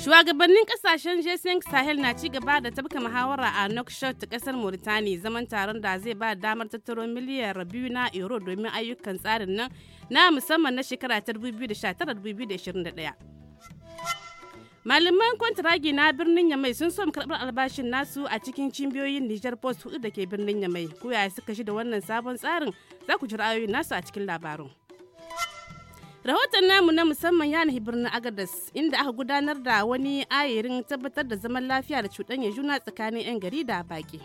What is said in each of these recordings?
Shugabannin kasashen Jason Sahel na ci gaba da tabka muhawara a nokshot kasar Mauritania zaman taron da zai ba damar tattaro miliyar biyu na euro domin ayyukan tsarin nan na musamman na shekara ta 2019-2021. Malaman kwantiragi na birnin Yamai sun so karɓar albashin nasu a cikin cimbiyoyin Nijar Post hudu da ke birnin Yamai. Koyaya suka shi da wannan sabon tsarin za ku ji ra'ayoyin nasu a cikin labarin. Rahoton namu na musamman ya nahi birnin Agadas inda aka gudanar da wani ayirin tabbatar da zaman lafiya da cuɗanya juna tsakanin 'yan gari da baƙi.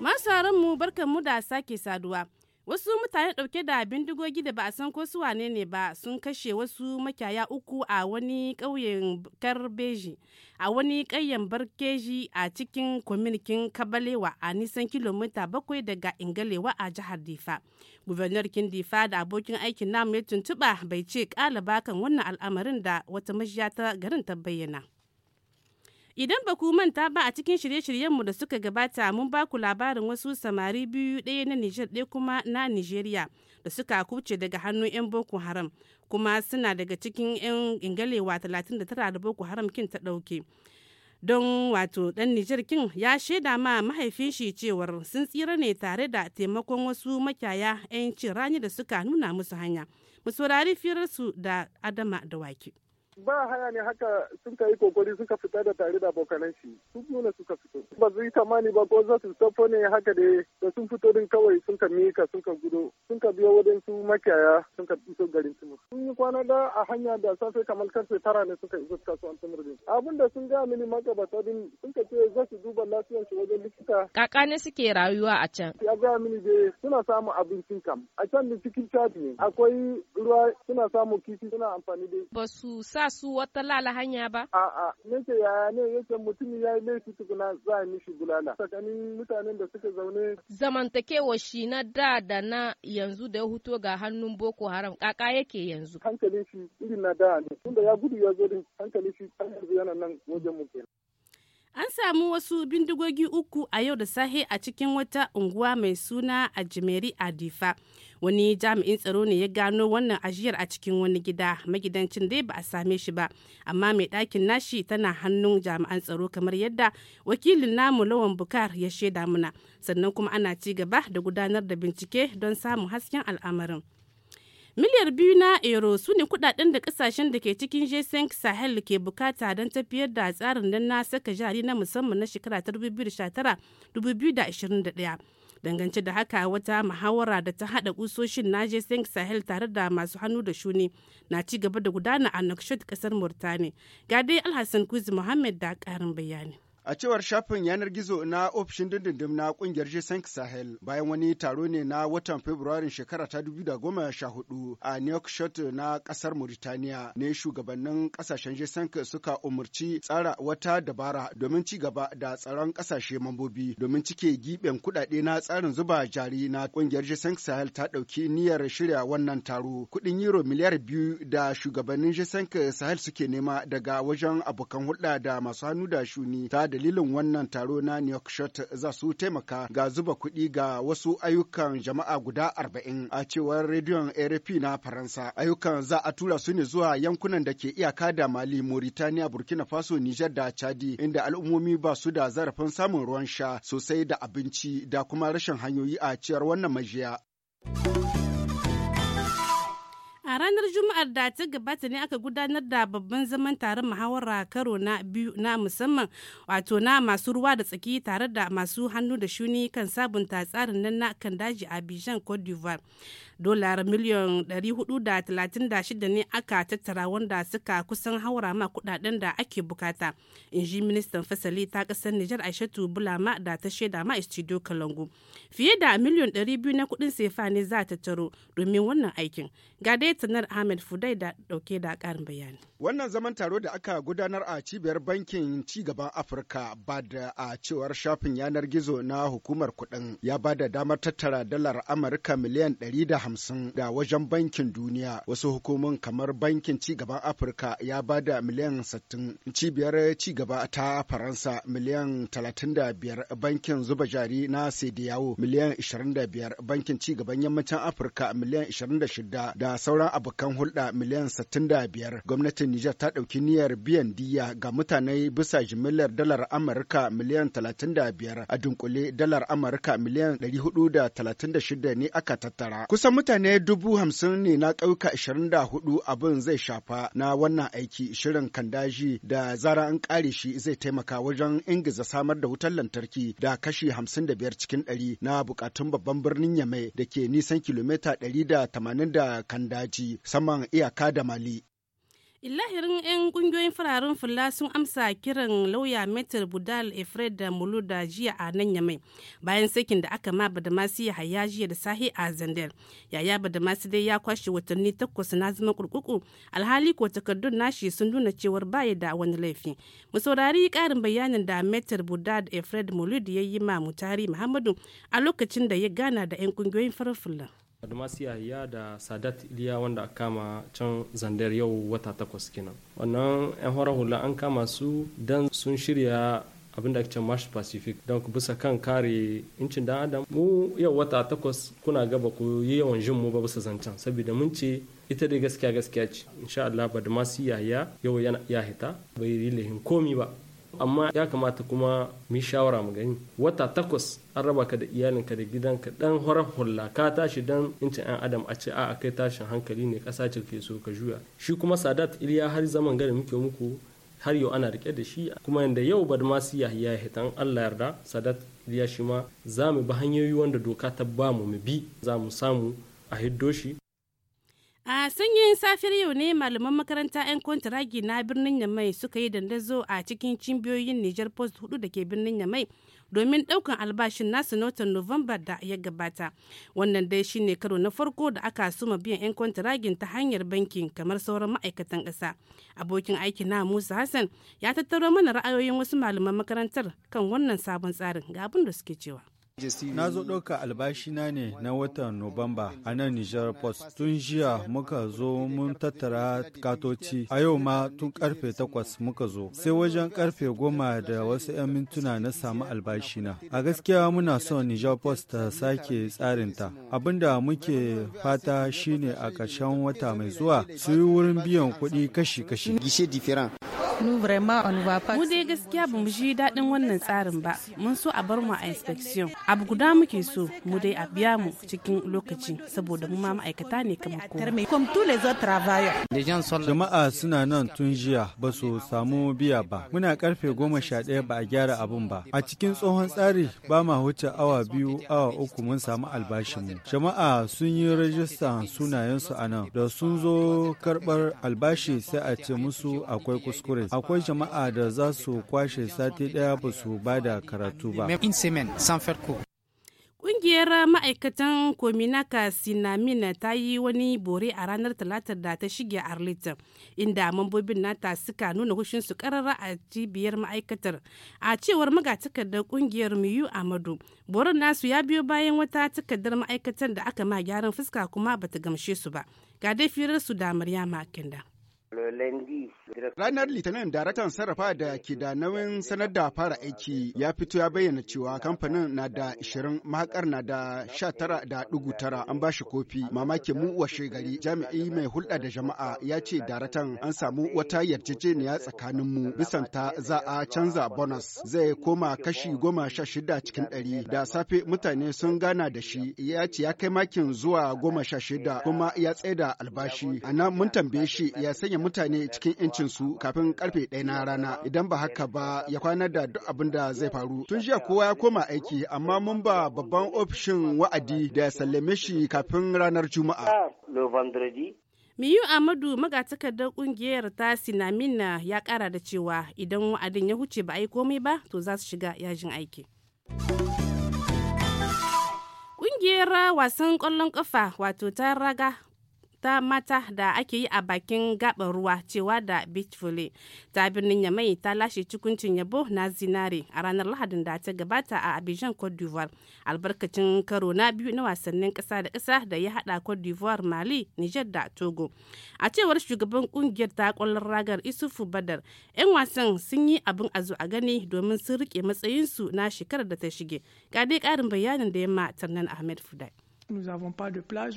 Masu mu barkan mu da sake saduwa. Wasu mutane dauke da bindigogi da ba a san ko su wane ne ba sun kashe wasu makyaya uku a wani ƙauyen Karbeji, a wani ƙauyen Barkeji a cikin kwaminikin Kabalewa a nisan kilomita bakwai daga Ingalewa a jihar Difa. Gubernar Difa da abokin aikin namu ya tuntuɓa bai ce ƙalaba kan wannan al'amarin da wata mashiya ta garin ta bayyana. Idan ba ku manta ba a cikin shirye-shiryenmu da suka gabata mun ba ku labarin wasu samari biyu ɗaya na Nijar ɗaya kuma na Nijeriya da suka kuce daga hannun 'yan Boko Haram kuma suna daga cikin 'yan ingalewa 39 da Boko Haram kin ta ɗauke. Don wato ɗan Nijar kin ya shaida ma mahaifin shi cewar sun tsira ne tare da taimakon wasu makyaya 'yan rani da suka nuna musu hanya. Mu saurari firarsu da Adama da Wake. ba haya ne haka sun ka yi kokari suka fita da tare da abokanan shi su nuna suka fito ba zai yi tamani ba ko za su ne haka da da sun fito din kawai sun ka mika sun ka gudo sun ka biyo su makiyaya sun ka fito garin su sun yi kwana da a hanya da safe kamar karfe tara ne suka iso kasuwan tumur din abin da sun ga mini magabata din sun ka ce za su duba lafiyar su wajen likita kaka ne suke rayuwa a can ya ga mini dai suna samun abincin kam a can da cikin chadi ne akwai ruwa suna samun kifi suna amfani da ba su sa su wata lala hanya ba? A'a, nake ya ne yake mutum ya yi laifi tukuna za a mishi bulala. Tsakanin mutanen da suka zaune. Zamantakewa shi na da da na yanzu da ya huto ga hannun Boko Haram kaka yake yanzu. Hankalin shi irin na da ne. Tunda ya gudu ya zo din hankalin shi yanzu yana nan wajen mu kenan. An samu wasu bindigogi uku a yau da sahe a cikin wata unguwa mai suna a Jimeri a Wani jami'in tsaro ne ya gano wannan ajiyar a cikin wani gida. Magidancin dai ba a same shi ba, amma mai ɗakin nashi tana hannun jami'an tsaro kamar yadda wakilin namu Lawan Bukar ya shaida muna. Sannan kuma ana ci gaba da gudanar da bincike don samun hasken al'amarin. miliyar biyu na euro su ne kudaden da kasashen da ke cikin G5 sahel ke bukata don tafiyar da tsarin don na saka jari na musamman na shekara ta 2019-2021 dangance da haka wata muhawara da ta hada kusoshin na G5 sahel tare da masu hannu da shuni na ci gaba da gudana a nakshot kasar murtani ga dai alhassan kuzi muhammad da karin bayani A cewar shafin yanar gizo na ofishin dindindim na kungiyar g Sahel bayan wani taro ne na watan Fabrairun shekara ta da goma sha hudu a shot na kasar Mauritania ne shugabannin kasashen g suka umarci tsara wata dabara domin ci gaba da tsaron kasashe mambobi domin cike giben kudade na tsarin zuba jari na kungiyar g Sahel ta dauki niyyar shirya wannan taro kudin euro miliyar biyu da shugabannin g Sahel suke nema daga wajen abokan hulɗa da masu hannu da shuni ta dalilin wannan taro na New York Shot za su taimaka ga zuba kuɗi ga wasu ayyukan jama'a guda arba'in a cewar rediyon ARP na Faransa. Ayyukan za a tura su ne zuwa yankunan da ke iyaka da Mali, Mauritania, Burkina Faso, Niger da Chadi inda al'ummomi ba su da zarafin samun ruwan sha sosai da abinci da kuma rashin hanyoyi a ciyar wannan majiya. A ranar Juma'ar da ta gabata ne aka gudanar da babban zaman taron muhawara karo na biyu na musamman wato na masu ruwa da tsaki tare da masu hannu da shuni kan sabunta tsarin nan na kan daji a bijan Cote d'Ivoire. dolar miliyan 436 ne aka tattara wanda suka kusan haura ma kudaden da ake bukata in ji ministan fasali ta kasar nijar aishatu bulama da ta shaida ma studio kalangu fiye da miliyan 200 na kudin sefa ne za ta taro domin wannan aikin ga dai tanar ahmed fudai da dauke da karin bayani wannan zaman taro da aka gudanar a cibiyar bankin ci gaban afirka ba da a cewar shafin yanar gizo na hukumar kudin ya ba da damar tattara dalar amurka miliyan hamsin da wajen bankin duniya wasu hukumomin kamar bankin cigaban afirka ya ba da miliyan sattin cibiyar cigaba ta faransa miliyan talatin da biyar bankin zuba jari na sediyawo miliyan ishirin da biyar bankin cigaban yammacin afirka miliyan ishirin da shida da sauran abokan hulɗa miliyan sittin da biyar gwamnatin nijar ta ɗauki niyyar biyan diya ga mutane bisa jimillar dalar amurka miliyan talatin da biyar a dunkule dalar amurka miliyan ɗari hudu da talatin da shida ne aka tattara kusan mutane dubu hamsin ne na ƙauka ashirin da hudu abin zai shafa na wannan aiki shirin kandaji da zara an ƙare shi zai taimaka wajen ingiza samar da wutar lantarki da kashi hamsin da biyar cikin ɗari na buƙatun babban birnin Yamai da ke nisan kilomita ɗari da tamanin da kandaji saman iyaka da Mali. illahirin 'yan ƙungiyoyin fararen fulla sun amsa kiran lauya metar budal efred da mulu da jiya a nan yamai bayan sakin da aka ma badamasi ya haya jiya da sahi a zandar yaya badamasi dai ya kwashe watanni takwas na zama kurkuku alhali ko takardun nashi sun nuna cewar baya da wani laifi mu saurari karin bayanin da metar budal efred da ya yi ma mutari muhammadu a lokacin da ya gana da 'yan kungiyoyin fararen fulla. adamasi yahaya da sadat iliya wanda aka kama can zandar yau wata takwas kenan wannan yan horar hula an kama su dan sun shirya abin da ake marsh pacific don bisa kan kare incin dan adam mu yau wata takwas kuna gaba ku yi yawan jin mu ba bisa zancen saboda mun ce ita dai gaskiya gaskiya ce insha Allah badmasi yahya yau ya hita bai yi lehin komi ba amma ya kamata kuma mu shawara mu gani wata takwas an raba ka da iyalinka da gidanka dan horar hulla ka tashi dan incin yan adam a ce a kai tashin hankali ne kasa ce ke so ka juya shi kuma sadat iliya har zaman gari muke muku har yau ana rike da shi kuma yanda yau badmasi yahya ya hitan allah yarda sadat iliya shi ma za mu bi hanyoyi wanda doka ta ba mu mu bi za mu samu a hiddo shi a sanyin safiyar yau ne malaman makaranta 'yan kwantaragi na birnin yamai suka yi dandazo a cikin cimbiyoyin niger post hudu da ke birnin yamai domin daukan albashin nasu na watan novemba da ya gabata wannan dai shi ne karo na farko da aka suma biyan 'yan kwantaragin ta hanyar bankin kamar sauran ma'aikatan ƙasa abokin aiki na musa hassan ya tattaro mana ra'ayoyin wasu malaman makarantar kan wannan sabon tsarin ga abin da suke cewa Na zo ɗauka albashina ne na watan Nuwamba a nan Nijar Post. Tun jiya muka zo mun tattara katoci, a yau ma tun karfe takwas muka zo. Sai wajen karfe goma da wasu 'yan mintuna na samu albashina. A gaskiya muna son Nijar Post ta sake tsarinta. Abinda muke fata shine a ƙarshen wata mai zuwa su yi wurin biyan kuɗi kashi-kashi. Mu dai gaskiya ba mu ji daɗin wannan tsarin ba, mun so a bar mu a inspection. Abu guda muke so mu dai a biya mu cikin lokaci saboda mu ma ma'aikata ne kamar kowa. Jama'a suna nan tun jiya ba su samu biya ba. Muna karfe goma sha ɗaya ba a gyara abun ba. A cikin tsohon tsari ba ma wuce awa biyu awa uku mun samu albashin mu. Jama'a sun yi rajista sunayensu a nan da sun zo karɓar albashi sai a ce musu akwai kuskure. Agadez. Akwai jama'a da za su kwashe sati ɗaya ba su ba da karatu ba. Ƙungiyar ma'aikatan Kominaka Sinamin ta yi wani bore a ranar talatar da ta shige Arlington, inda mambobin nata suka nuna su karara a cibiyar ma'aikatar. A cewar magatakardar ƙungiyar Miyu Amadu, boron nasu ya biyo bayan wata takardar ma'aikatar da aka ma gyaran fuska kuma bata gamshe su ba. Ga dai su da Maryama Kenda. Ranar Litinin daraktan sarrafa da ke da nauyin sanar da fara aiki ya fito ya bayyana cewa kamfanin na da 20 mahakar na da tara da ɗigu tara an bashi kofi mamaki mu washe gari jami'i mai hulɗa da jama'a ya ce daraktan an samu wata yarjejeniya tsakanin mu bisan ta za a canza bonus zai koma kashi goma sha shida cikin ɗari da safe mutane sun gana da shi ya ce ya kai makin zuwa goma sha shida kuma ya tsaida albashi a nan mun tambaye shi ya sanya sanya mutane cikin 'yancinsu kafin karfe ɗaya na rana idan ba haka ba ya kwanar da duk abin da zai faru. Tun jiya kowa ya koma aiki amma mun ba babban ofishin wa'adi da ya sallame shi kafin ranar Juma'a. Miyu Amadu magatakardar kungiyar na minna ya kara da cewa idan wa'adin ya huce ba a yi komai ba to za su shiga yajin aiki. Kungiyar wasan kwallon kafa wato ta raga ta mata da ake yi a bakin gaɓar ruwa cewa da beach volley ta birnin yamai ta lashe cikuncin yabo na zinare a ranar lahadin da ta gabata a abidjan cote d'ivoire albarkacin karo na biyu na wasannin ƙasa da ƙasa da ya haɗa cote d'ivoire mali niger da togo a cewar shugaban ƙungiyar ta ƙwallon ragar isufu badar 'yan wasan sun yi abin a a gani domin sun riƙe matsayinsu na shekarar da ta shige ga dai ƙarin bayanin da yamma tarnan ahmed fudai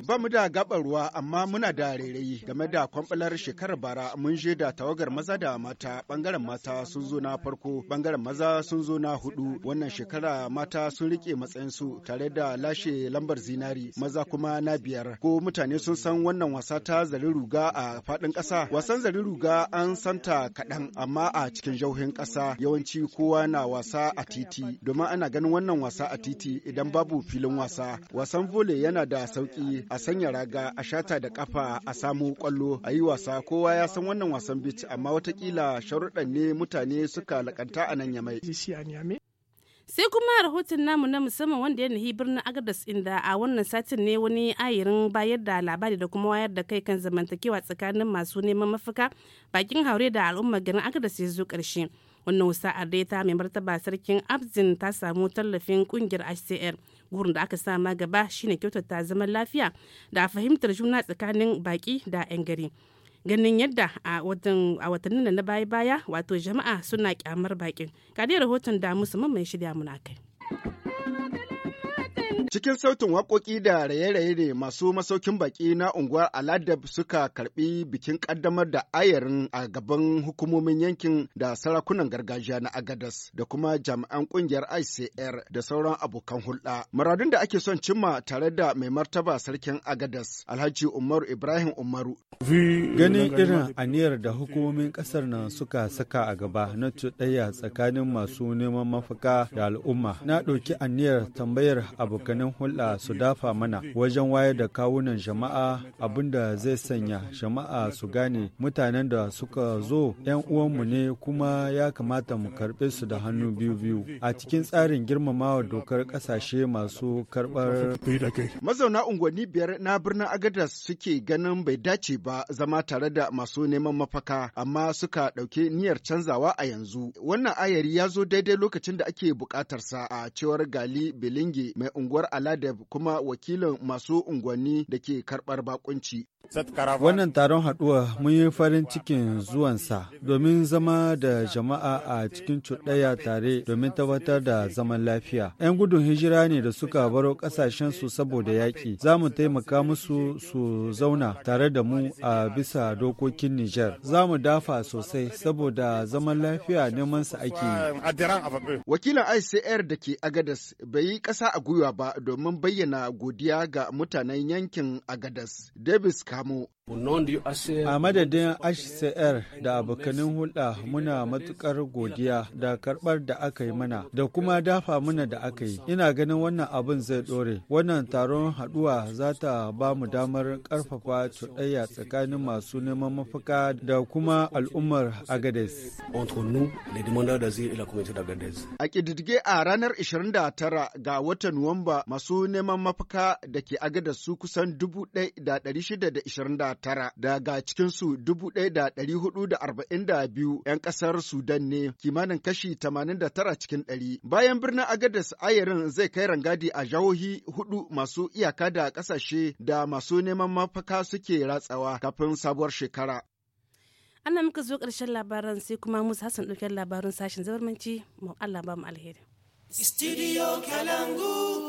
Ba mu da gaɓar ruwa amma muna da rairayi game da kwamfalar shekarar bara mun je da tawagar maza da mata bangaren mata sun zo na farko bangaren maza sun zo na hudu wannan shekara mata sun rike su tare da lashe lambar zinari maza kuma na biyar ko mutane sun san wannan wasa ta zari ruga a faɗin ƙasa wasan zari ruga an santa kaɗan amma a cikin jauhin kasa yawanci kowa na wasa a titi domin ana ganin wannan wasa a titi idan babu filin wasa wasan vole yana da sauki a sanya raga a shata da kafa a samu kwallo a yi wasa kowa ya san wannan wasan bit amma watakila sharuɗan ne mutane suka lakanta a nan yamai. sai kuma rahoton namu na musamman wanda ya nahi birnin agadas inda a wannan satin ne wani ayirin bayar da labari da kuma wayar da kai kan zamantakewa tsakanin masu neman mafaka bakin haure da al'ummar garin agadas ya zo karshe wannan wasa ta mai martaba sarkin abzin ta samu tallafin kungiyar hcr gurin da aka sama gaba shine kyautata zaman lafiya da fahimtar juna tsakanin baki da 'yan gari ganin yadda a watannin da na baya-baya wato jama'a suna kyamar bakin ga rahoton da musamman mai shirya munakai Cikin sautin waƙoƙi da raye-raye ne masu masaukin baƙi na unguwar Aladab suka karɓi bikin ƙaddamar da ayarin a gaban hukumomin yankin da sarakunan gargajiya na Agadas da kuma jami'an ƙungiyar ICR da sauran abokan hulɗa. Muradun da ake son cimma tare da mai martaba sarkin Agadas Alhaji Umaru Ibrahim Umaru. Ganin irin aniyar da hukumomin ƙasar na suka saka a gaba na cuɗayya tsakanin masu neman mafaka da al'umma. Na ɗauki aniyar tambayar abokan tsakanin hulɗa su dafa mana wajen wayar da kawunan jama'a abin da zai sanya jama'a su gane mutanen da suka zo 'yan uwanmu ne kuma ya kamata mu karɓe su da hannu biyu-biyu a cikin tsarin girmamawa dokar ƙasashe masu karɓar. Mazauna unguwanni biyar na birnin Agadas suke ganin bai dace ba zama tare da masu neman mafaka amma suka ɗauki niyyar canzawa a yanzu. Wannan ayari ya zo daidai lokacin da ake bukatar sa a cewar Gali bilinge mai unguwar aladeb kuma wakilin masu unguwanni da ke karɓar bakunci. Wannan taron haɗuwa mun yi farin cikin zuwansa domin zama da jama'a a cikin cuɗaya tare domin tabbatar da zaman lafiya. 'Yan gudun hijira ne da suka baro ƙasashensu saboda yaƙi. Za mu taimaka musu su zauna tare da mu a bisa dokokin Nijar. Za mu dafa sosai saboda zaman lafiya neman su ake yi. Wakilin ICR da ke Agadas bai yi ƙasa a gwiwa ba domin bayyana godiya ga mutanen yankin Agadas. Davis kamu A madadin HCR da abokanin hulɗa muna matuƙar godiya da karɓar da aka yi mana da kuma dafa mana da aka yi. Ina ganin wannan abin zai ɗore. Wannan taron haɗuwa za ta ba mu damar ƙarfafa cuɗayya tsakanin masu neman mafaka da kuma al'ummar Agades. A ƙididdige a ranar 29 ga watan Nuwamba masu neman mafaka da ke Agades su kusan 1,629 tara daga cikinsu dubu ɗaya da ɗari hudu da arba'in da biyu 'yan ƙasar Sudan ne kimanin kashi tamanin da tara cikin ɗari. Bayan birnin agadis ayarin zai kai rangadi a jihohi hudu masu iyaka da ƙasashe da masu neman mafaka suke ratsawa kafin sabuwar shekara. Ana muka zo ƙarshen labaran sai kuma Musa Hassan ɗauke labarin sashen zabarmanci mu Allah ba mu alheri. Studio Kalangu.